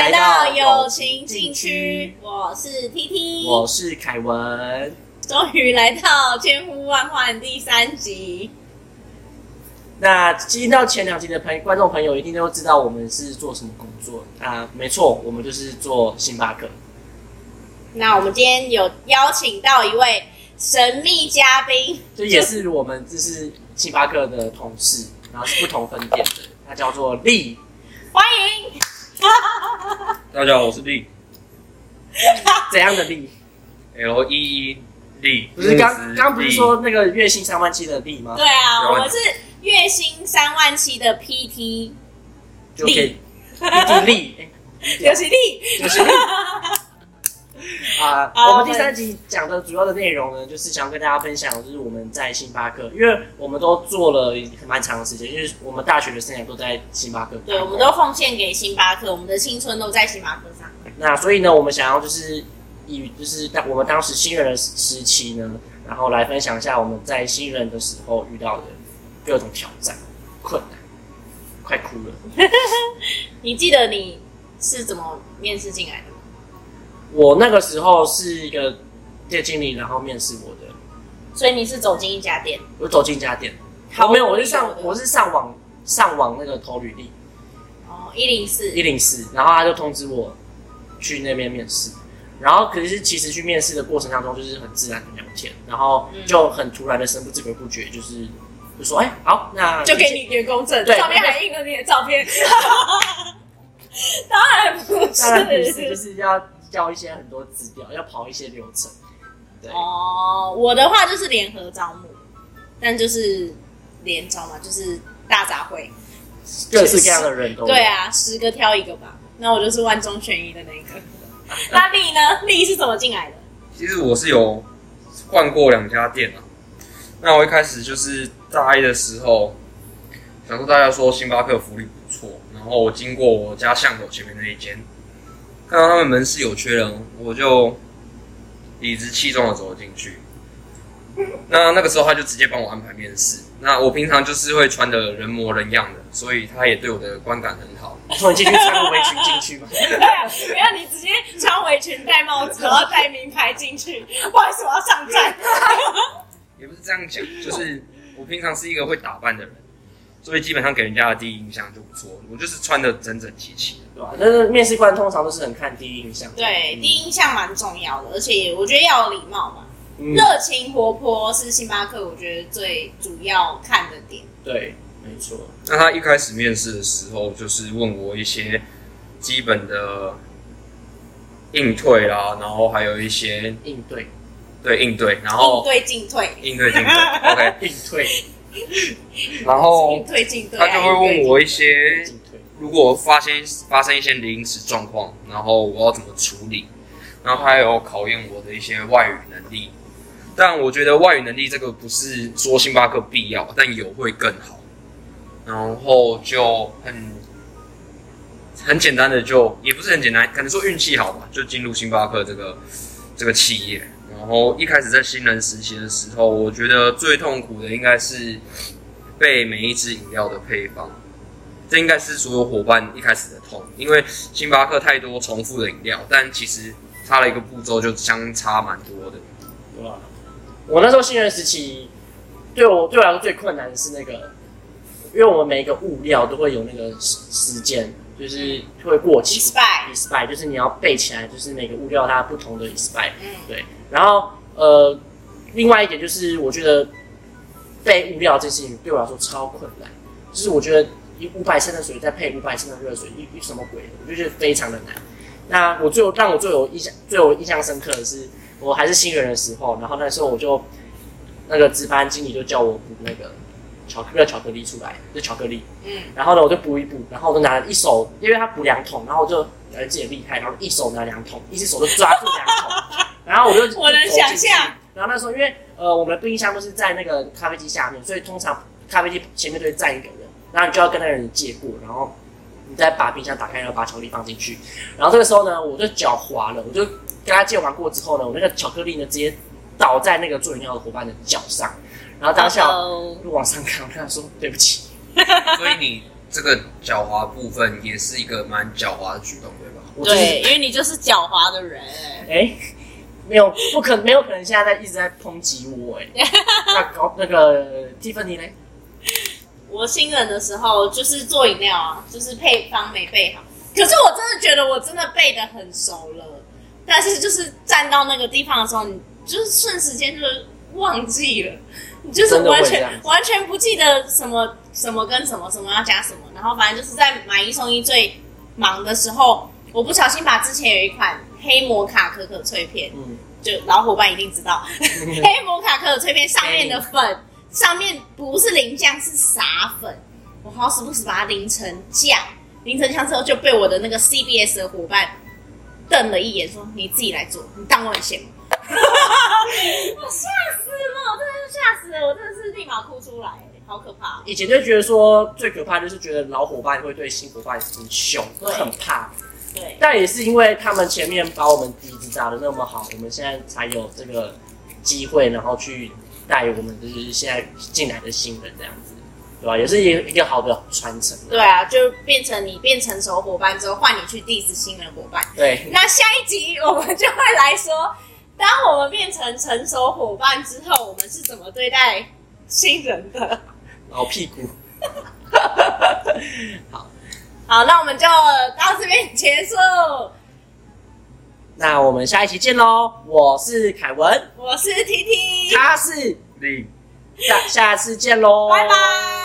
來到友情禁區，區，我是 TT，我是凱文，終於來到千呼萬喚第三集。那進到前兩集的朋觀眾朋友一定都知道我們是做什麼工作啊？沒錯，我們就是做星巴克。那我們今天有邀請到一位神秘嘉賓，這也是我們這是星巴克的同事， 然後是不同分店的，他叫做利，歡迎。 大家好，我是利，怎樣的利 L E E 利，不是剛剛不是說那個月薪三萬七的利嗎？對啊，我是月薪三萬七的 P T 利，哈哈、okay. 利、 欸，就是利，哈哈。 啊，啊我們第三集講的主要的內容呢，就是想要跟大家分享，就是我們在星巴克，因為我們都做了蠻長的時間，就是我們大學的生涯都在星巴克上。對，我們都奉獻給星巴克，我們的青春都在星巴克上。那所以呢，我們想要就是以就是當我們當時新人的時期呢，然後來分享一下我們在新人的時候遇到的各種挑戰、困難，快哭了。 你記得你是怎麼面試進來的？我那個時候是一個店經理，然後面試我的。所以你是走進一家店？我走進一家店，好，我沒有，我就上，對對，我是上網，上網那個投履歷，哦，一零四一零四，104, 然後他就通知我去那邊面試，然後可是其實去面試的過程當中就是很自然的聊天，然後就很突然的神不知鬼不覺，就是就說哎、欸、好那就給你員工證，對照片還印了你的照片， 當然不是，是是要。交一些很多字、料，要跑一些流程。哦，oh, 我的話就是聯合招募，但就是聯招嘛，就是大雜燴，就是這樣的人都、就是。對啊，十個挑一個吧。那我就是萬中選一的那一個。 那麗呢？麗 是怎麼進來的？其實我是有換過兩家店啊。那我一開始就是大一的時候，想後大家說星巴克福利不錯，然後我經過我家巷口前面那一間。看到他們門市有缺人，我就理直氣壯的走了進去。那那個時候他就直接幫我安排面試。那我平常就是會穿的人模人樣的，所以他也對我的觀感很好。你進 去穿個圍裙進去吧。不要你直接穿圍裙戴帽子，然後戴名牌進去，不好意思，我要上站。也不是這樣講，就是我平常是一個會打扮的人。所以基本上給人家的第一印象就不錯。我就是穿的整整齊齊的，對吧？啊？但是面試官通常都是很看第一印象。對，第一印象蠻重要的，而且我覺得要有禮貌嘛。熱、嗯、情活潑是星巴克，我覺得最主要看的點。對，沒錯。那他一開始面試的時候，就是問我一些基本的應對啦，然後還有一些應對，對應對，然後應對進退，應對進退，OK，應對。Okay, 應對 然後他就會問我一些，如果發現發生一些臨時狀況，然後我要怎麼處理？然後還有考驗我的一些外語能力。但我覺得外語能力這個不是說星巴克必要，但有會更好。然後就很很簡單的就也不是很簡單，可能說運氣好吧，就進入星巴克這個這個企業。然後一開始在新人實習的時候，我覺得最痛苦的應該是。背每一支飲料的配方，這應該是所有伙伴一開始的痛，因為星巴克太多重複的飲料，但其實差了一個步驟就相差蠻多的吧？我那時候新人時期，對我對我來說最困難的是那個，因為我們每一個物料都會有那個時間，就是會過期 s p i k e p i e 就是你要背起來，就是每個物料它不同的 e x p i k e 嗯，對。然後呃，另外一點就是我覺得。配物料這件事情對我來說超困難，就是我覺得一五百升的水再配五百升的熱水，一什麼鬼，我就覺得非常的難。那我最有讓我最有印象、最有印象深刻的是，我還是新人的時候，然後那時候我就那個值班經理就叫我補那個巧克力，的巧克力出來，就巧克力。嗯，然後呢，我就補一補，然後我就拿了一手，因為他補兩桶，然後我就覺得自己厲害，然後一手拿兩桶，一隻手就抓住兩桶， 然後我就，就我能想象。然後那時候，因為呃，我們的冰箱都是在那個咖啡機下面，所以通常咖啡機前面都會站一個人，然後你就要跟那個人借過，然後你再把冰箱打開，然後把巧克力放進去。然後這個時候呢，我就腳滑了，我就跟他借完過之後呢，我那個巧克力呢，直接倒在那個做飲料的夥伴的腳上，然後當下就往上看，我跟他說對不起。 所以你這個狡猾部分也是一個蠻狡猾的舉動，對吧？對，我就是、因為你就是狡猾的人哎、欸。欸沒有，不可能沒有可能，現在在一直在抨擊我哎、欸。那搞那個蒂芙尼呢？我新人的時候就是做飲料啊，就是配方沒背好。可是我真的覺得我真的背得很熟了，但是就是站到那個地方的時候，你就是瞬時間就是忘記了，你就是完全完全不記得什麼什麼跟什麼什麼要加什麼。然後反正就是在買一送一最忙的時候，我不小心把之前有一款。黑摩卡可可脆片，嗯，就老夥伴一定知道，嗯、黑摩卡可可脆片上面的粉，嗯、上面不是淋醬是撒粉，我好時不時把它淋成醬，淋成醬之後就被我的那個 CBS 的夥伴瞪了一眼說，說你自己來做，你當 我很閒嗎？我嚇死了，我真的是嚇死了，我真的是立馬哭出來，好可怕。以前就覺得說最可怕就是覺得老夥伴會對新夥伴很兇，對很怕。對，但也是因為他們前面把我們底子打的那麼好，我們現在才有這個機會，然後去帶我們就是現在進來的新人這樣子，對吧？也是一一個好的傳承。對啊，就變成你變成熟夥伴之後，換你去第一次新人夥伴。對。那下一集我們就會來說，當我們變成成熟夥伴之後，我們是怎麼對待新人的？老屁股。 好。好，那我們就到這邊結束。那我們下一期見嘍！我是凱文，我是婷婷，他是你，下 下次見嘍，拜拜。